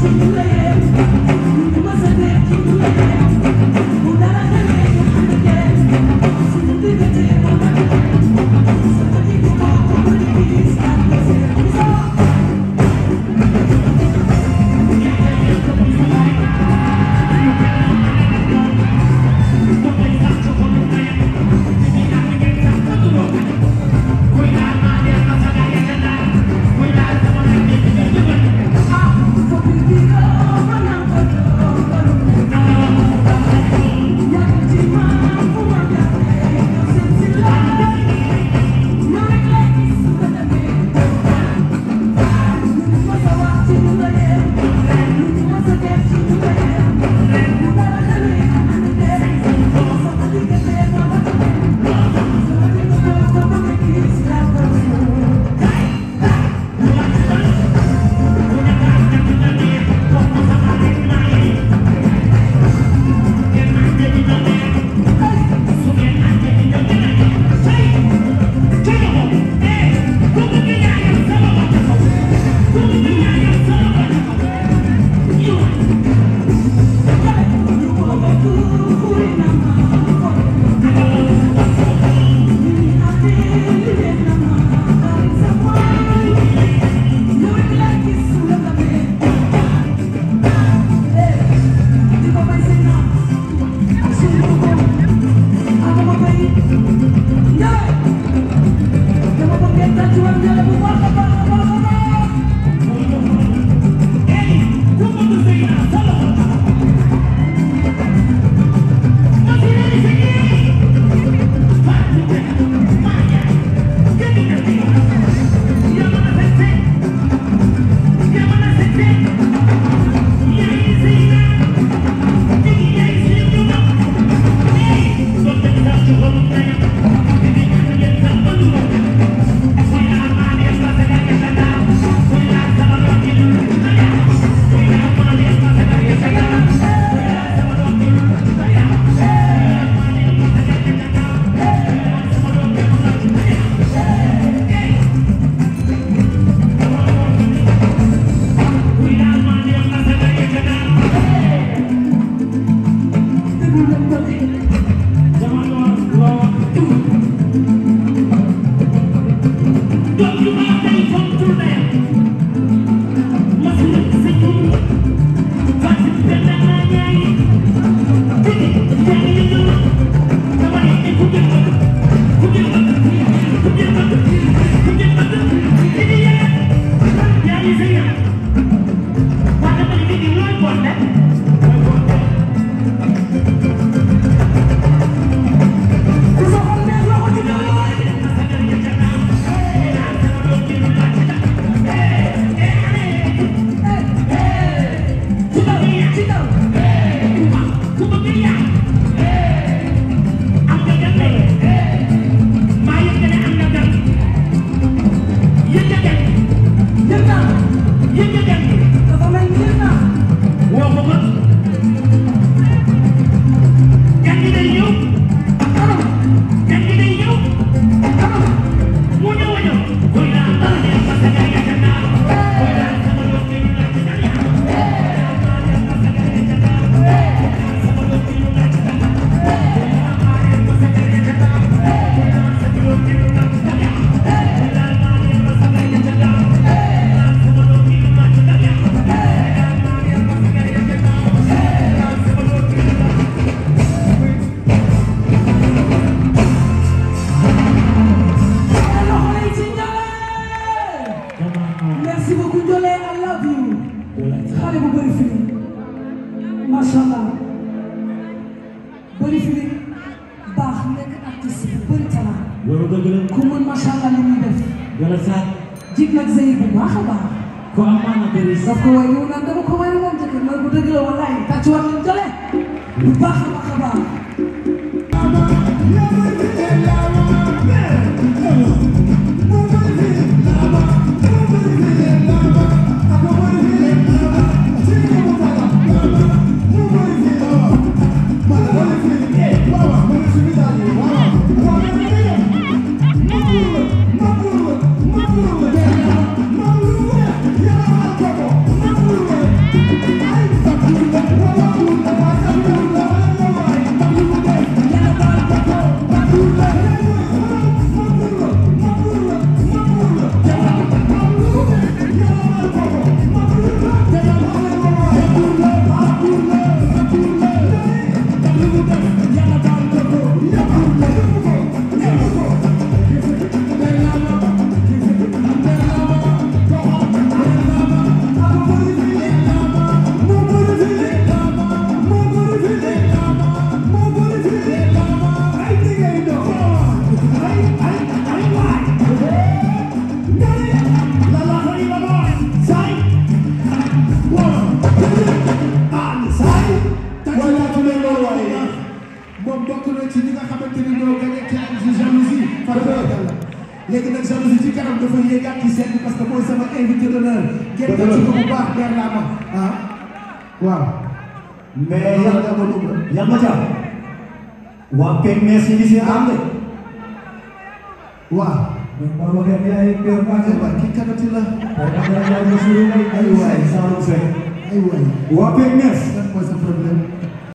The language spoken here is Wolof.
to live. merci beaucoup Ndiolé I love you. xale bu bëri fii macha allah bëri fii baax nekk artiste bu bëri talent. loolu dëgg la. ku mën macha allah li muy def. Ndiolé Sarr. jig nag Zeyid bu baax a baax. ko amaana bëri. daf ko woy yow naan dama ko woy woon njëkk loolu bu dëgg la walaay tàccuwaat leen Ndiolé. bu baax a baax a baax. bokk na ci li nga xamante ni ñoo gagné ci ak jalousie par rapport ak la léegi nag jalousie ci kanam dafa yéegaat ci seen parce que mooy sama invité d'honneur. dëgg la ci ko bu baax leer laa ma ah waaw. mais yàlla na ko dugg yàlla ca waa PMS yi si ànd. waaw. maa ngi waxee ay père Maguette ba kii kanati la. waaw maa ngi lay wax ay waay. ay waay. waa PMS.